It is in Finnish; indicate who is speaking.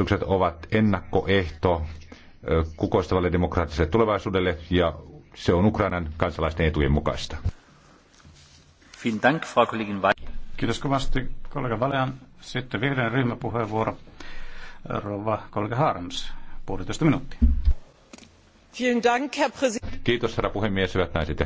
Speaker 1: Uudistukset ovat ennakkoehto kukoistavalle demokraattiselle tulevaisuudelle ja se on Ukrainan kansalaisten etujen mukaista.
Speaker 2: Kiitos kovasti kollega Valean. Sitten vihreän ryhmäpuheenvuoro. Rova kollega Harms, puolitoista minuuttia.
Speaker 3: Kiitos herra puhemies, hyvät naiset ja